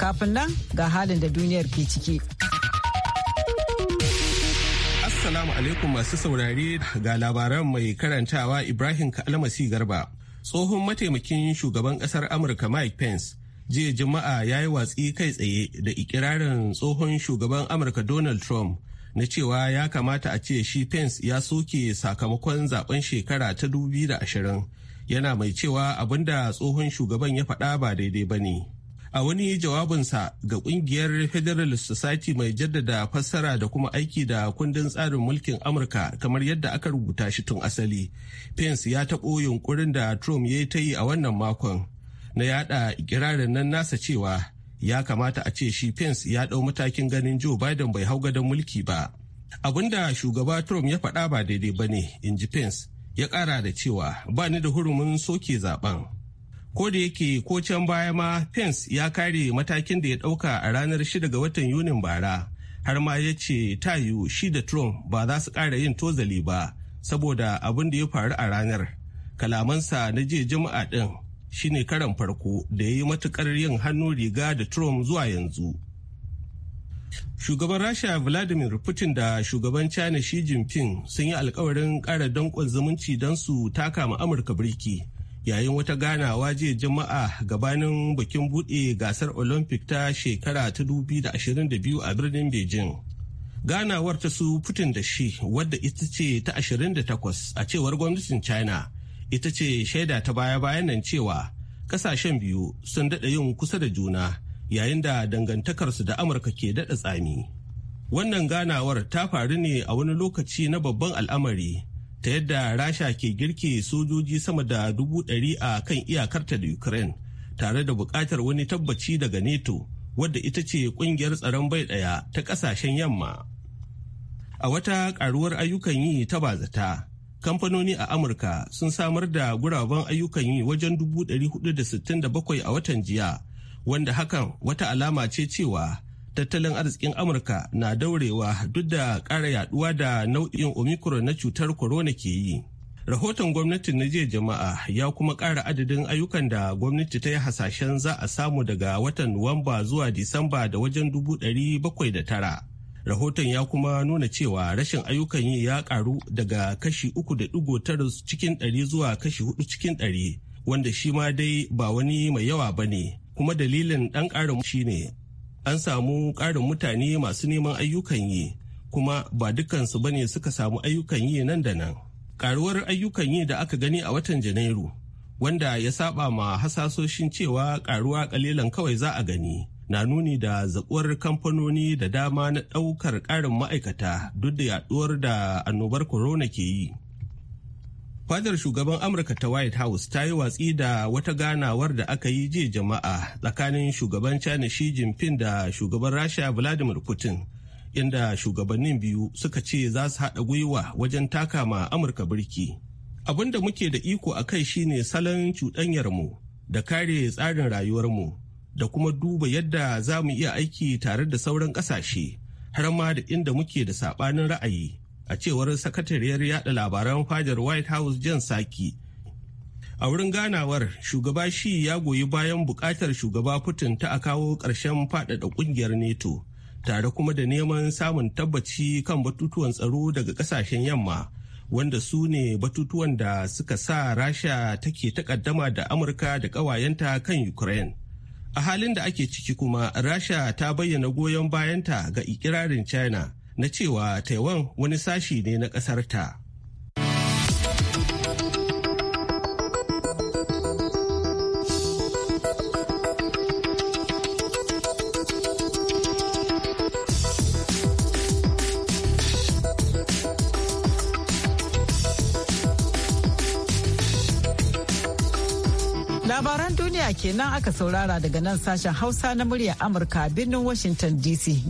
Kafin nan ga halin da duniyar ke ciki. Assalamu alaikum masu saurare ga labaran mai karantawa Ibrahim Kalmasi Garba. Tsohon mataimakin shugaban ƙasar Amurka Mike Pence jiya Juma'a ya yi watsi kai tsaye da ikirarin tsohon shugaban Amurka Donald Trump na cewa ya kamata a ce shi Pence ya soke sakamakon zaben shekara ta 2020 yana mai cewa abinda tsohon shugaban ya faɗa ba daidai ba ne. a wani jawabinsa ga kungiyar federal society mai jaddada fassara da kuma aiki da kundin tsarin mulkin amurka kamar yadda aka rubuta shi tun asali pence ya taɓo yunkurin da trump ya yi ta yi a wannan makon na yada ikirarin nan nasa cewa ya kamata a ce shi pence ya ɗau matakin ganin joe biden bai hau gadon mulki ba da shugaba trump ya faɗa ba daidai ba ne in ji pence ya ƙara da cewa ba ni da hurumin soke zaben ko da yake ko can baya ma pence ya kare matakin da ya dauka a ranar 6 ga watan yunin bara har ma ya ce tayu shi da trump ba za su kara yin tozali ba saboda abin da ya faru a ranar kalamansa na jiya juma'a din shine karan farko da ya yi matukar yin hannu riga da trump zuwa yanzu shugaban rasha vladimir putin da shugaban china xi jinping sun yi alkawarin kara dankon zumunci don su taka ma amurka birki yayin wata ganawa jiya jama'a gabanin bikin buɗe gasar olympic ta shekara ta 2022 a birnin beijing ganawar ta su putin da shi wadda ita ce ta 28 a cewar gwamnatin china ita ce shaida ta baya-bayan nan cewa kasashen biyu sun daɗa yin kusa da juna yayin da dangantakarsu da amurka ke daɗa tsami wannan ganawar ta faru ne a wani lokaci na babban al'amari ta yadda rasha ke girke sojoji sama da dubu ɗari a kan iyakarta da ukraine tare da buƙatar wani tabbaci daga neto wadda ita ce ƙungiyar tsaron bai ɗaya ta ƙasashen yamma a wata ƙaruwar ayyukan yi ta bazata kamfanoni a amurka sun samar da guraben ayyukan yi wajen da 467 a watan jiya wanda hakan wata alama ce cewa tattalin arzikin amurka na daurewa duk da kara yaduwa da nau'in omicron na cutar corona ke yi rahoton gwamnatin na jiya jama'a ya kuma kara adadin ayyukan da gwamnati ta yi hasashen za a samu daga watan nuwamba zuwa disamba da wajen dubu ɗari bakwai da tara rahoton ya kuma nuna cewa rashin ayyukan yi ya ƙaru daga kashi uku da ɗigo tara cikin ɗari zuwa kashi hudu cikin ɗari wanda shi ma dai ba wani mai yawa ba ne kuma dalilin ɗan shi shine an samu ƙarin mutane masu neman ayyukan yi kuma ba dukansu ba ne suka samu ayyukan yi nan da nan karuwar ayyukan yi da aka gani a watan janairu wanda ya saba ma hasasoshin cewa karuwa kalilan kawai za a gani na nuni da zakuwar kamfanoni da dama na ɗaukar ƙarin ma'aikata duk da yaɗuwar da annobar corona ke yi fadar shugaban amurka ta white house ta yi watsi da wata ganawar da aka yi jiya jama'a tsakanin shugaban china xi jinping da shugaban rasha vladimir putin inda shugabannin biyu suka ce za su haɗa gwiwa wajen taka ma amurka birki abin da muke da iko a kai shine salon cuɗanyarmu da kare tsarin rayuwarmu da kuma duba yadda za mu iya aiki tare da sauran ƙasashe har ma da inda muke da saɓanin ra'ayi a cewar sakatariyar yada labaran fadar white house jan saki a wurin ganawar shugaba shi ya goyi bayan bukatar shugaba putin ta a kawo ƙarshen faɗaɗa ƙungiyar neto tare kuma da neman samun tabbaci kan batutuwan tsaro daga ƙasashen yamma wanda su ne batutuwan da suka sa rasha take takaddama da amurka da ƙawayenta kan ukraine a halin da ake ciki kuma rasha ta bayyana goyon bayanta ga ikirarin china na cewa Taiwan wani sashi ne na ƙasar ta. labaran duniya kenan aka saurara daga nan sashen hausa na murya amurka birnin washington dc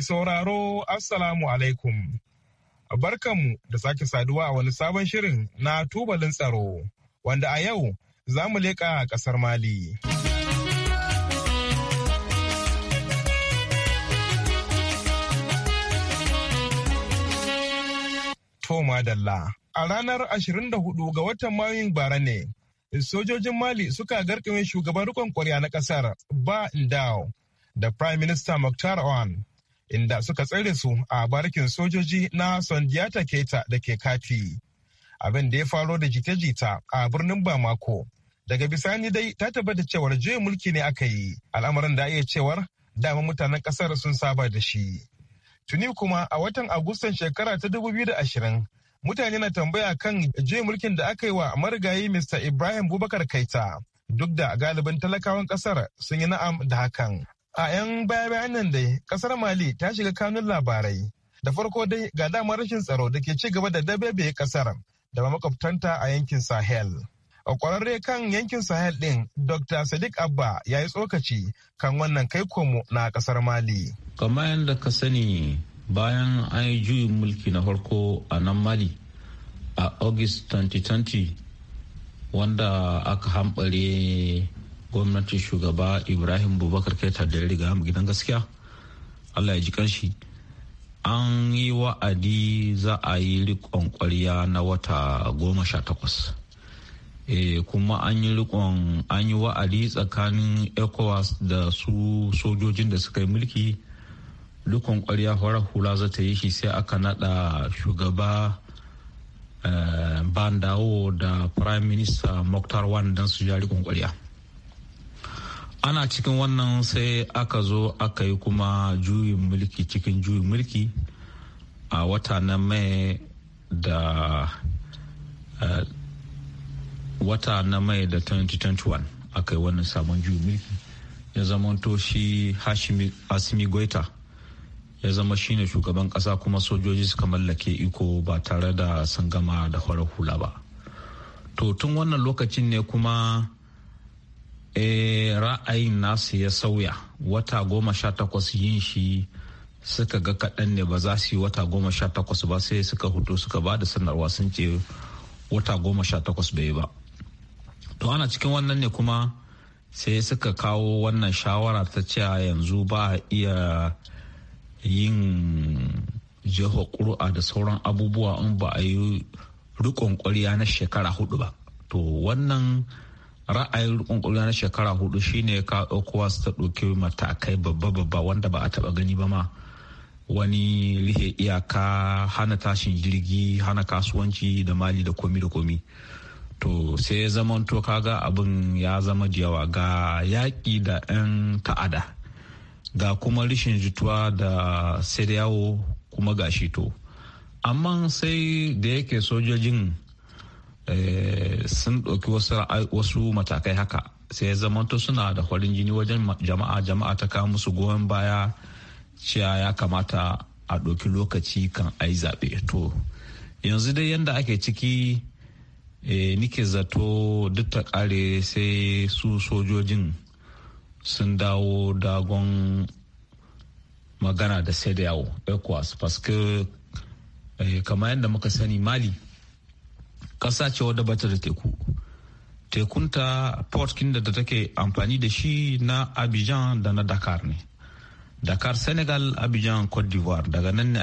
Mai sauraro Assalamu alaikum. Barkanmu da sake saduwa a wani sabon shirin na tubalin tsaro wanda a yau za mu leƙa ƙasar Mali. Toma Dalla. A ranar 24 ga watan Mayun bara ne, sojojin Mali suka garkame shugaban rikon kwarya na kasar Ba Ndao da Prime Minister Mokhtar Owan inda suka tsare su a barkin sojoji na Sondiata Keta da ke Kati. Abin da ya faro da jita-jita a birnin Bamako. Daga bisani dai ta tabbata cewar juyin mulki ne aka yi, al'amarin da iya cewar dama mutanen kasar sun saba da shi. Tuni kuma a watan Agustan shekara ta 2020 mutane na tambaya kan juyin mulkin da aka yi wa marigayi Mr. Ibrahim Bubakar Kaita. Duk da galibin talakawan kasar sun yi na'am da hakan. A 'yan baya-bayan nan dai, kasar Mali ta shiga kanun labarai. Da farko dai ga damar rashin tsaro da ke ci gaba da dabebe kasar da makwabtanta a yankin Sahel. A kwararre kan yankin Sahel ɗin, Dr. Sadiq Abba ya yi tsokaci kan wannan kai komo na kasar Mali. Kamar yadda ka sani bayan an yi juyin mulki na farko a nan Mali a August 2020 wanda aka hambare gwamnatin shugaba ibrahim bubakar keta da ya riga gidan gaskiya allah ya ji kanshi an yi wa'adi za a yi rikon kwarya na wata goma sha takwas eh, kuma an yi rikon an yi wa'adi tsakanin ecowas da su sojojin da suka yi mulki rikon kwarya farar hula za ta yi shi sai aka nada shugaba eh, bandawo da prime minister moktar wan don su ja rikon kwarya ana cikin wannan sai aka zo aka yi kuma juyin mulki cikin juyin mulki a wata na mai da eh, wata na mai da 2021 aka yi wannan sabon juyin mulki ya zama shi hashimi goita ya zama shine shugaban kasa kuma sojoji suka mallake iko ba tare da sun gama da hula ba to tun wannan lokacin ne kuma Eh, ra'ayin nasu ya sauya wata goma sha takwas yin shi suka ga kaɗan ne ba za su yi wata goma sha takwas ba sai suka hudu suka ba da sanarwa sun ce wata goma sha takwas bai ba to ana cikin wannan ne kuma sai suka kawo wannan shawara ta cewa yanzu ba a iya yin jiho ƙuru'a da sauran abubuwa in ba a yi rikon ƙwarya na shekara hudu ba to wannan ra'ayin rukun kula na shekara hudu shine ka kowa su ta ɗauki matakai babba-babba wanda ba a taba gani ba ma wani lihe iyaka hana tashin jirgi hana kasuwanci da mali da komi da komi to sai zamanto kaga abin ya zama jiyawa ga yaƙi da 'yan ta'ada ga kuma rishin jituwa da sai da yawo kuma ga shi to amma sai da yake sojojin Eh, sun ɗauki wasu matakai haka sai ya zamanto suna da farin jini wajen jama'a jama'a ta kawo musu goyon baya cewa ya kamata a ɗauki lokaci kan yi zaɓe to yanzu dai yadda ake ciki eh, nike zato duk ta ƙare sai su sojojin sun dawo dagon magana da sai da yawo ecowas paske eh, kamar yadda muka sani mali ƙasa ce wadda bata da teku tekunta port kinda da take amfani da shi na abidjan da na dakar ne dakar senegal abidjan cote d'ivoire daga nan ne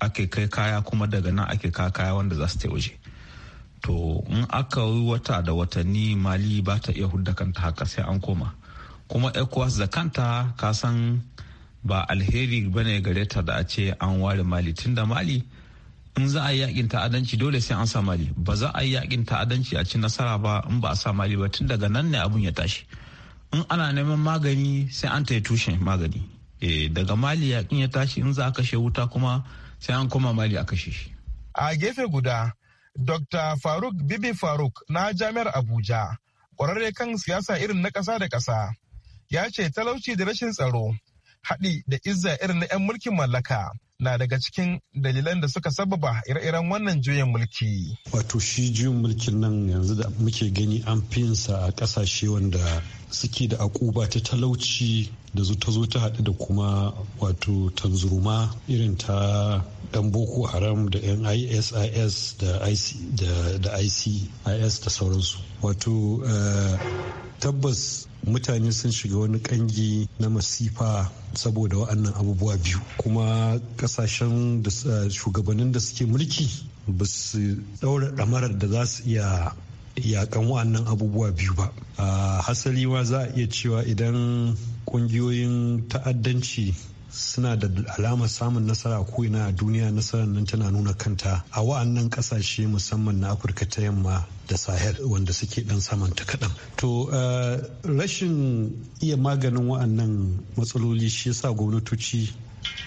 ake kai kaya kuma daga nan ake kai kaya wanda za su ta waje to in aka yi wata da watanni mali ba ta iya hudda kanta haka sai an koma kuma ecowas da kanta kasan ba alheri bane gare ta da a ce an ware mali tunda mali in za a yi yakin ta'addanci dole sai an sa mali ba za a yi yakin ta'addanci a ci nasara ba in ba a sa mali ba tun daga nan ne abun ya tashi in ana neman magani sai an taya tushen magani e, daga mali yakin ya tashi in za a kashe wuta kuma sai an koma mali a kashe shi a gefe guda dr faruk bibi faruk na jami'ar abuja kwararre kan siyasa irin na kasa da kasa ya ce talauci da rashin tsaro haɗi da izza irin na 'yan mulkin mallaka na daga cikin dalilan da suka sababa ire-iren wannan juyin mulki. Wato shi juyin mulkin nan yanzu da muke gani an fi sa a ƙasashe wanda suke da akuba ta talauci da ta zo ta haɗu da kuma wato tanzuruma irin ta ɗan boko haram da yan isis da icis da sauransu wato eh, tabbas mutane sun shiga wani kangi na masifa saboda waɗannan abubuwa biyu kuma kasashen eh, shugabannin da suke mulki ba su ɗaura ɗamarar da za su iya yakan wa'annan abubuwa biyu ba hasali ma za a iya cewa idan ƙungiyoyin ta'addanci suna da alamar samun nasara ko ina a duniya nasarar nan tana nuna kanta a wa'annan ƙasashe musamman na afirka ta yamma da sahel wanda suke dan saman ta kaɗan to eh, rashin iya maganin wa'annan matsaloli shi yasa gwamnatoci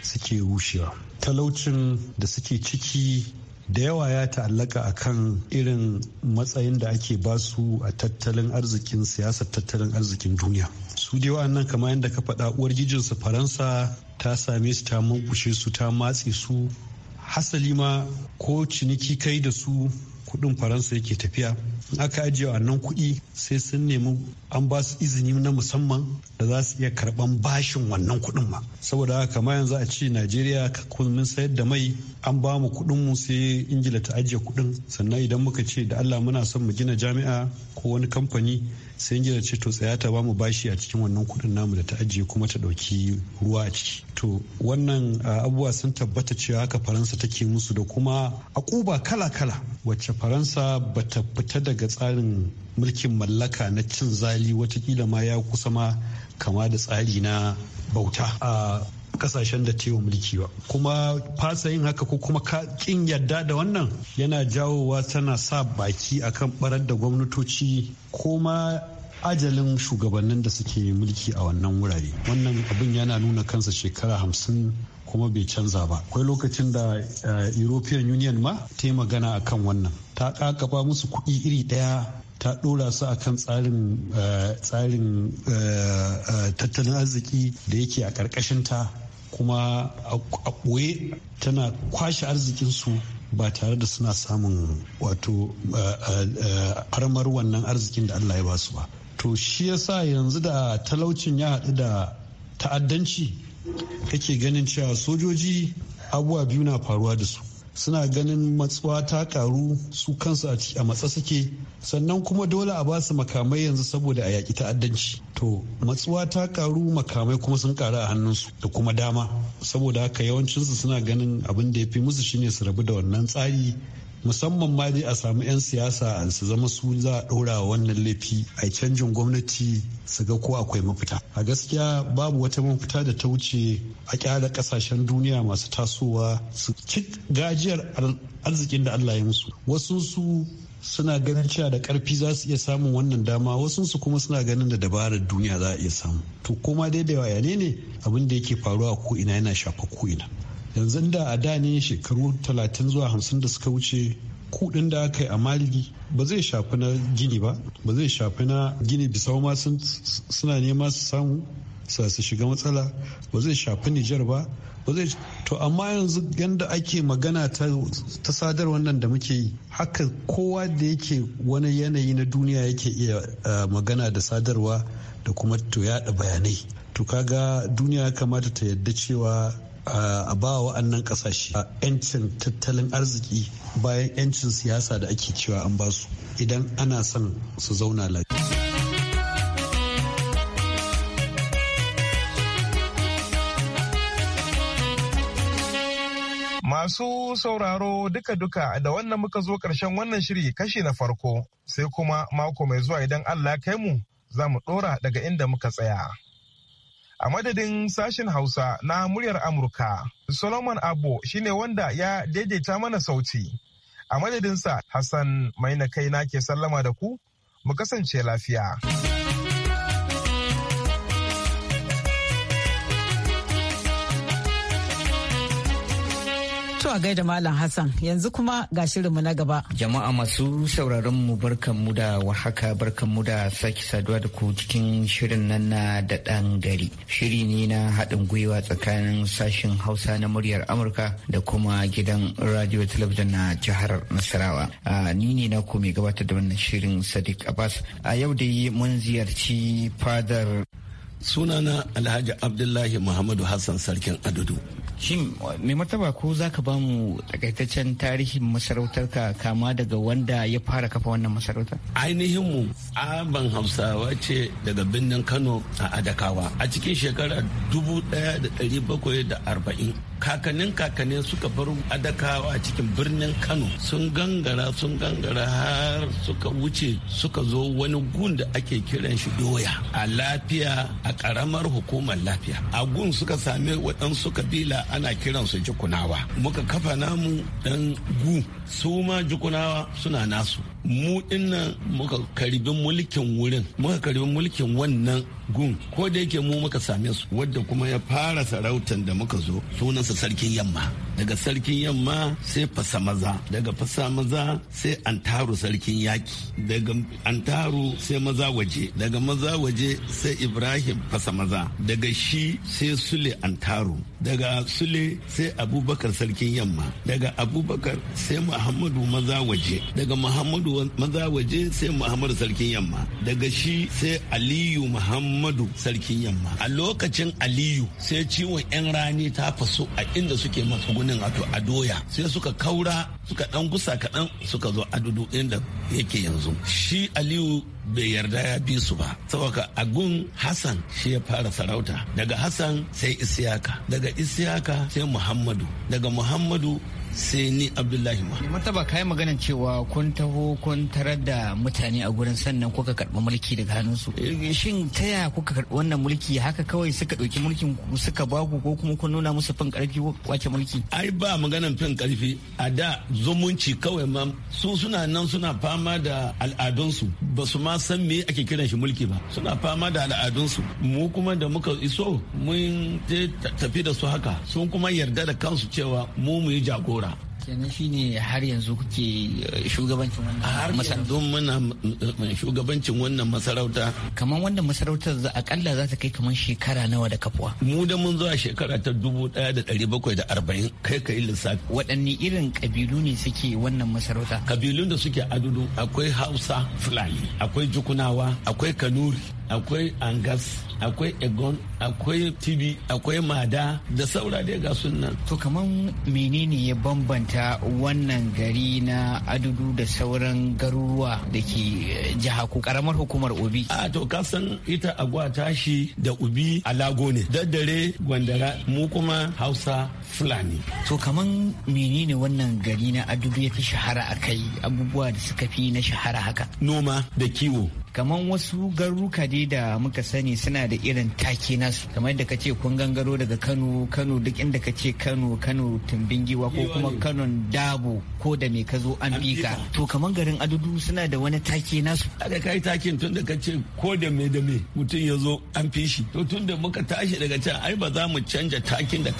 suke rushewa talaucin da suke ciki da yawa ya ta'allaka a kan irin matsayin da ake basu a tattalin arzikin siyasar tattalin arzikin duniya su dai wa'annan kamar yadda ka faɗa uwar jijinsu faransa ta same su ta murkushe su ta matse su hasali ma ko ciniki kai da su kudin faransa yake tafiya in aka ajiye wannan kudi sai sun nemi an ba su izini na musamman da za su iya karban bashin wannan kudin ma saboda haka kamar yanzu a ce najeriya mun sayar da mai an ba mu kudin mu sai ingila ta ajiye kudin sannan idan muka ce da allah muna son mu gina jami'a ko wani kamfani sai ingila ce to tsayata ta bamu bashi a cikin wannan kudin namu da ta ajiye kuma ta ɗauki ruwa a ciki to wannan ah, abubuwa sun tabbata cewa haka faransa take musu da kuma akuba kala-kala wacce faransa bata fita daga tsarin mulkin mallaka na cin zali watakila ma ya kusa ma kama da tsari na bauta a kasashen da tewa mulki ba kuma fasa yin haka ko kuma kin yadda da wannan yana jawowa tana sa baki akan barar da gwamnatoci ko ma ajalin shugabannin da suke mulki a wannan wurare wannan abin yana nuna kansa shekara hamsin kuma bai canza ba akwai lokacin da eh, european union ma ta yi magana a kan wannan ta kakaba musu kuɗi iri ɗaya ta ɗora su a kan tsarin eh, eh, tattalin arziki da yake a ƙarƙashinta kuma a ɓoye tana kwashe arzikinsu ba tare da suna samun wato eh, eh, armar wannan arzikin da Allah ya ba su ba to shi yasa yanzu da talaucin ya haɗu da ta'addanci kake ganin cewa sojoji abubuwa biyu na faruwa da su suna ganin matsuwa ta karu su kansu a matsa suke sannan kuma dole a basu makamai yanzu saboda a yaƙi ta'addanci to matsuwa ta karu makamai kuma sun karu a hannunsu da kuma dama saboda haka yawancinsu suna ganin abin da ya fi musu shine su rabu da wannan tsari musamman ma dai a samu 'yan siyasa su zama su za a ɗora wannan laifi a canjin gwamnati su ga ko akwai mafita a gaskiya babu wata mafita da ta wuce a kyara kasashen duniya masu tasowa su ci gajiyar arzikin da allah ya musu wasu su suna ganin cewa da karfi za su iya samun wannan dama wasu su kuma suna ganin da dabarar duniya za a iya samu to koma dai da ne ne abin da yake faruwa ko ina yana shafa ko ina yanzu da a da ne shekaru 30 zuwa 50 da suka wuce kudin da aka yi a maligi ba zai shafi na gini ba ba zai shafi na gini bisau ma suna nema su samu su shiga matsala ba zai shafi nijar ba ba zai to amma yanzu yadda ake magana ta sadar wannan da muke yi haka kowa da yake wani yanayi na duniya yake iya eh, magana da sadarwa da kuma to yada bayanai to kaga duniya kamata ta yadda cewa a ba annan kasashe yancin tattalin arziki bayan yancin siyasa da ake cewa an basu idan ana son su zauna lafiya. Masu sauraro duka-duka da wannan muka zo ƙarshen wannan shiri kashi na farko sai kuma mako mai zuwa idan Allah kai mu za mu ɗora daga inda muka tsaya. a madadin sashen Hausa na muryar Amurka. Solomon Abbo shine wanda ya daidaita mana sauti. A madadinsa Hassan kai na ke sallama da ku, mu kasance lafiya. To a gaida Malam Hassan yanzu kuma ga shirinmu na gaba. Jama'a masu sauraron mu barkan mu da wahaka barkan mu da sake saduwa da ku cikin shirin nan na da ɗan gari. Shiri ne na haɗin gwiwa tsakanin sashin Hausa na muryar Amurka da kuma gidan radio talabijin na jihar Nasarawa. Ni ne na ku mai gabatar da wannan shirin Sadiq Abbas. A yau dai mun ziyarci fadar sunana alhaji abdullahi muhammadu hassan sarkin adudu shin mai martaba ko za ka ba mu takaitaccen tarihin masarautarka kama daga wanda ya fara kafa wannan masarautar ainihin mu tsaban hausawa ce daga birnin kano a adakawa a cikin shekarar 1740 kakannin kakanni suka bar adakawa a cikin birnin kano sun gangara sun gangara har suka wuce suka zo wani gun da ake kiran shi doya a lafiya a karamar hukumar lafiya a gun suka sami waɗansu kabila ana kiran su jikunawa muka kafa namu dan gu su ma jikunawa suna nasu mu dinnan muka karibin mulkin wurin muka karibin mulkin wannan gun ko da yake mu muka same su wadda kuma ya fara sarautar da muka zo sunansa sarkin yamma daga sarkin yamma sai fasa maza daga fasa maza sai an taru sarkin yaki daga taru sai maza waje daga maza waje sai ibrahim fasa maza daga shi sai sule taru daga sule sai abubakar sarkin yamma daga abubakar sai muhammadu maza waje daga muhammadu maza waje sai muhammadu sarkin yamma daga shi sai aliyu muhammadu sarkin yamma a lokacin aliyu sai ciwon yan rani ta faso a inda suke matsugunan wannan wato a doya sai suka kaura suka dan gusa kaɗan suka zo adudu inda yake yanzu shi aliyu bai yarda ya bi su ba saboda agun hassan shi ya fara sarauta daga hassan sai isiyaka daga isiyaka sai muhammadu daga muhammadu sai ni abdullahi ma martaba kayi maganin cewa kun taho kun tarar da mutane a gurin sannan kuka karɓi mulki daga hannunsu eh, shin ta yaya kuka karɓi wannan mulki haka kawai suka ɗauki mulkin suka baku ko kuma kun nuna musu fin ƙarfi wace mulki ai ba maganan fin ƙarfi a da zumunci kawai ma su suna nan suna fama da al'adunsu ba su ma san me ake kiran shi mulki ba suna fama da al'adunsu mu kuma da muka iso mun tafi da su haka sun kuma yarda da kansu cewa mu mu yi jagora kenan ne har yanzu kuke eh, shugabancin wannan har yanzu muna eh, shugabancin wannan masarauta kamar wannan masarautar za akalla za ta kai kamar shekara nawa da kafuwa mu da mun zuwa shekara ta dubu daya da dari bakwai da arba'in kai ka yi lissafi waɗanne irin kabilu ne suke wannan masarauta kabilun da suke adudu akwai hausa fulani akwai jukunawa akwai kanuri akwai angas akwai egon akwai tibi akwai mada da saura dai ga sunan to kaman menene ya bambanta wannan gari na adudu da sauran garuruwa da ke eh, jiha ku karamar hukumar obi a to kasan ita agwa tashi da ubi alago ne daddare gwandara mu kuma hausa fulani to kaman menene wannan gari na adudu ya fi shahara a kai abubuwa da suka fi na shahara haka noma da kiwo kamar wasu garuruka dai da muka sani suna da irin take nasu kamar da kace kun gangaro daga kano kano duk inda kace kano kano tumbin giwa ko kuma kano dabo ko da me ka zo an bika to kamar garin adudu suna da wani take nasu daga kai takin tun da kace ko da me da me mutum ya zo an fi shi to tun da muka tashi daga can ai ba za mu canja takin da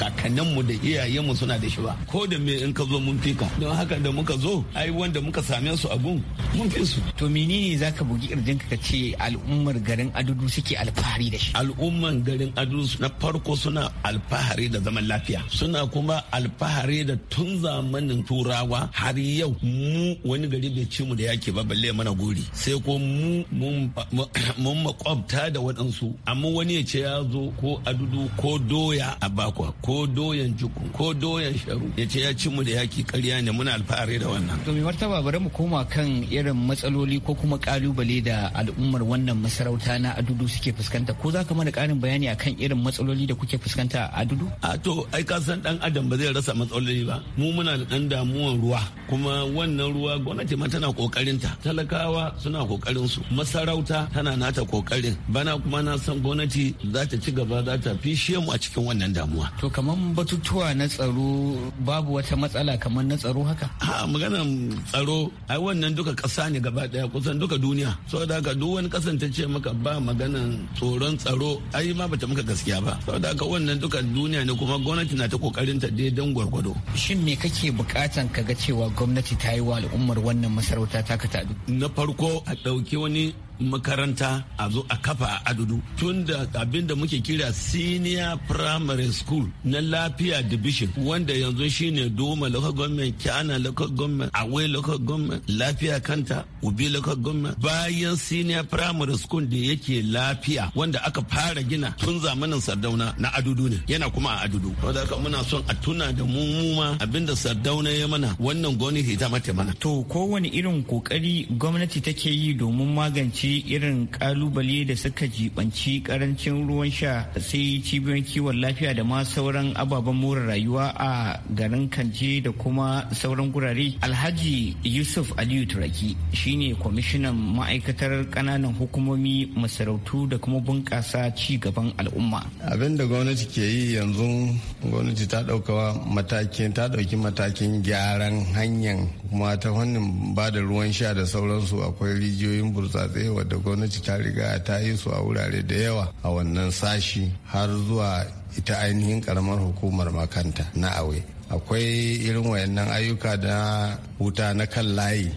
mu da mu suna da shi ba ko da me in ka zo mun fika don haka da muka zo ai wanda muka same su a gun mun fi su to menene zaka bugi irjin ka ce al'ummar garin adudu suke alfahari da shi Al'ummar garin adudu na farko suna alfahari da zaman lafiya suna kuma alfahari da tun zamanin turawa har yau mu wani gari bai ci mu da yaki ba balle mana gori sai ko mu mun makwabta da waɗansu amma wani ya ce ya zo ko adudu ko doya a bakwa ko doyan jukun ko doyan sharu ya ce ya ci mu da yaki karya ne muna alfahari da wannan to mai martaba bari mu koma kan irin matsaloli ko kuma kalubale da al'ummar wannan masarauta na adudu suke fuskanta ko za ka mana karin bayani akan irin matsaloli da kuke fuskanta a adudu a to ai ka san dan adam ba zai rasa matsaloli ba mu muna da dan damuwan ruwa kuma wannan ruwa gwamnati ma tana kokarin ta talakawa suna kokarin su masarauta tana nata kokarin bana kuma na san gwamnati za ta ci gaba za ta fishe mu a cikin wannan damuwa to kamar batutuwa na tsaro babu wata matsala kamar na tsaro haka a maganar tsaro ai wannan duka ƙasa ne gaba daya kusan duka duniya saboda haka duk wani ce maka ba maganan tsoron tsaro ai ma bata maka gaskiya ba saboda haka wannan duka duniya ne kuma gwamnati na ta kokarin ta dai don gwargwado shin me kake bukatan ka ga cewa gwamnati ta yi wa al'ummar wannan masarauta ta ka na farko a ɗauki wani makaranta a zo a kafa a adudu tun da abin da muke kira senior primary school na lafiya division wanda yanzu shine doma local government kyana local government away local government lafiya kanta ubi local government bayan senior primary school da yake lafiya wanda aka fara gina tun zamanin sardauna na adudu ne yana kuma a adudu wanda muna son a tuna da mu abin da sardauna ya mana wannan gwamnati ta mata mana to kowane irin kokari gwamnati take yi domin magance irin kalubale da suka jibanci karancin ruwan sha sai cibiyoyin kiwon lafiya da ma sauran ababen more rayuwa a garin kanje da kuma sauran gurare alhaji yusuf aliyu turaki shine kwamishinan ma'aikatar kananan hukumomi masarautu da kuma bunƙasa ci gaban al'umma abin da gwamnati ke yi yanzu gwamnati ta ɗauka matakin ta ɗauki matakin gyaran hanyar kuma ta fannin ba da ruwan sha da sauransu akwai rijiyoyin burtsatse wadda gwamnati ta riga ta yi su a wurare da yawa a wannan sashi har zuwa ita ainihin karamar hukumar makanta na awe akwai irin wayannan ayyuka da wuta na kan layi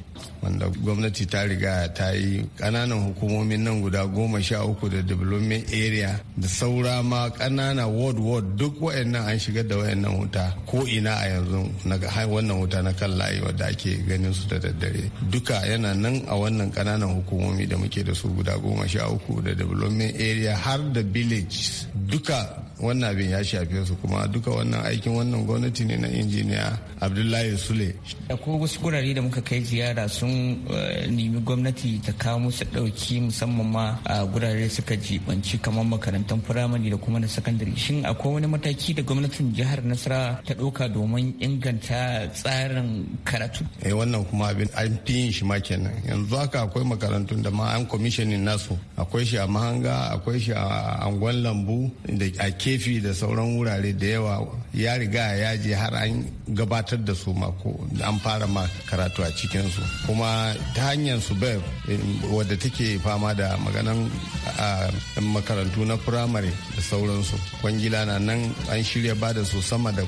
wanda gwamnati ta riga ta yi kananan hukumomin nan guda goma sha uku da development area da saura ma kanana ward ward duk wayannan an shiga da wayannan wuta ko ina a yanzu na wannan wuta na kan layi wadda ake ganin su da daddare duka yana nan a wannan kananan hukumomi da muke da su guda goma sha uku da development area har da village duka wannan abin ya shafe su kuma duka wannan aikin wannan gwamnati ne na injiniya abdullahi sule Da ko wasu gurare da muka kai ziyara sun eh, nemi gwamnati ta kawo musu dauki musamman ma a gurare suka jibanci kamar makarantar firamare da kuma na sakandare shin akwai wani mataki da gwamnatin jihar nasara ta ɗauka domin inganta tsarin karatu eh wannan kuma abin an fi yin shi ma kenan yanzu haka akwai makarantun da ma an kwamishining nasu akwai shi a mahanga akwai shi a angon lambu da a kefi da sauran wurare da yawa ya riga ya je har an gabatar karatar da su ma ko an fara ma karatu a cikin su kuma ta hanyar su bai eh, wadda take fama da maganan makarantu na firamare da sauransu kwangila na nan an shirya ba da su sama da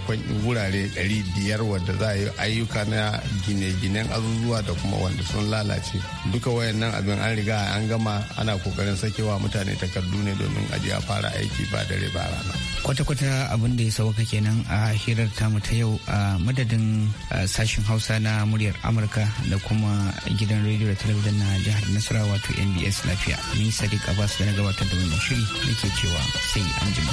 wurare 500 wadda za a yi ayyuka na gine-ginen azuzuwa da kuma wanda sun lalace duka wayannan abin an riga an gama ana kokarin sakewa mutane takardu ne domin aje a fara aiki ba dare ba rana kwata-kwata abin da ya sauka kenan a hirar tamu ta yau a madadin madadin uh, sashen hausa na muryar amurka da kuma gidan rediyo da talabijin na jihar nasarawa wato nbs lafiya ni sadiq abbas da na gabatar da wannan shiri nake cewa sai an jima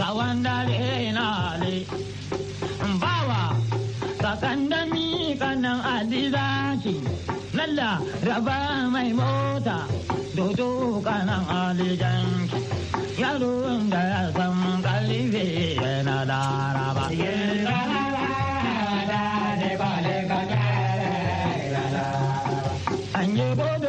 ga wanda na le bawa sakandami kanan adizaki lalla raba mai mota dodo kanan alijanki yaron da ya san kalife yana laraba an yi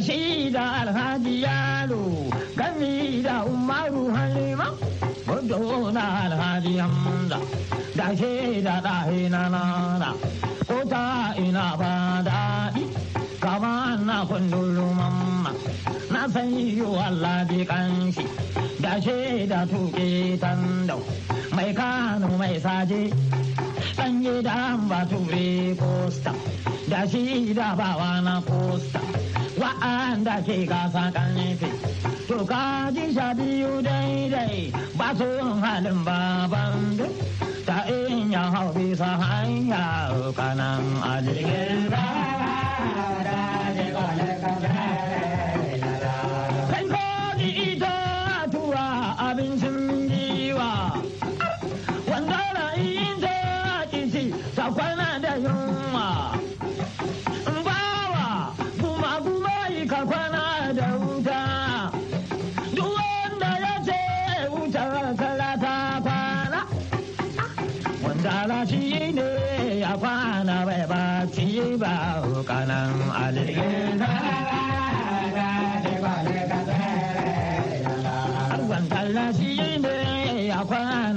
da da alhaji yaro gami da umaru halima gudu alhaji hamza da shi da ɗahi na nana ko ta ina ba daɗi kama na kundulu mamma na san yi Allah bi kanshi da shi da tuke mai kano mai saje ɗanye da ba ture kosta da shi da bawa na kosta wa'anda ke gasa sakan nufi. To ka ji sha biyu daidai ba su halin baban da Ta ya hau bisa hanya kanan alirgin ba da ne ka kan shi ne ya kwana bai bacci ba kanan alilin kalla shi ne ya kwana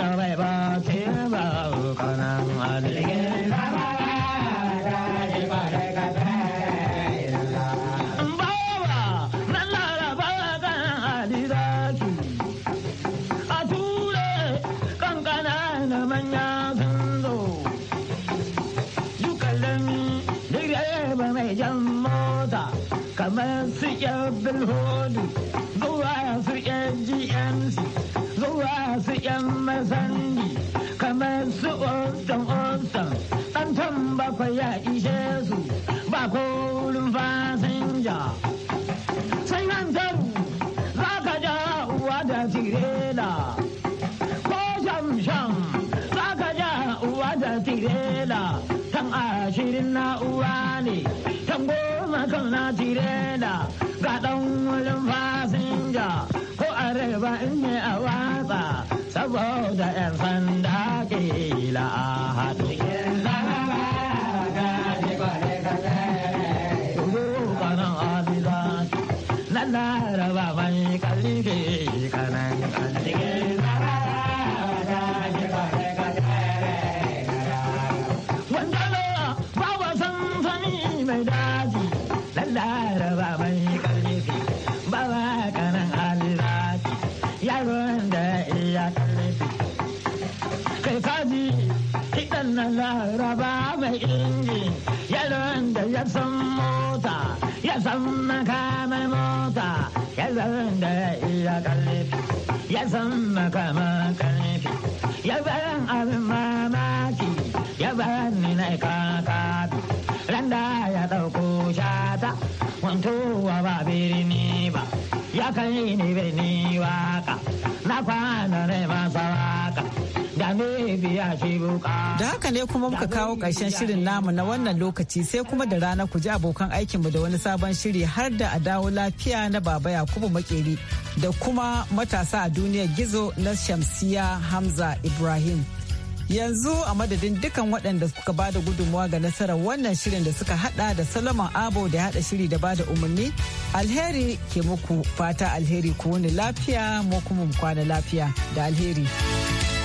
zulhudu zuwa su gmc zuwa su yan masandi kamar su otan otan ɗantan bakwai ya ishe su ba korin fasinja sai nan taru za ka ja uwa da tirela ko sham-sham za ka ja uwa da tirela kan ashirin na uwa ne shan goma kan na tirela ga ɗan wurin fasinja ko areba in yi a watsa saboda 'yan sanda kila a na laraba mai kalli da ya san mota ya san makamar mota ya san da iya karfi ya san makamar karfi ya san abin mamaki ya san ni na kakatu randa ya dauko shata wantowa ba birni ba ya kai ni birni waka na kwana ne masa Da haka ne kuma muka kawo ƙarshen shirin namu na wannan lokaci sai kuma da rana ku ji abokan aikinmu da wani sabon shiri har da a dawo lafiya na Baba Yakubu Makeri da kuma matasa a duniyar gizo na Shamsiya Hamza Ibrahim. Yanzu a madadin dukan waɗanda suka da gudunmawa ga nasarar wannan shirin da suka hada da Solomon Abo da hada shiri da bada umarni alheri ke muku fata alheri ku wani lafiya mu kuma kwana lafiya da alheri.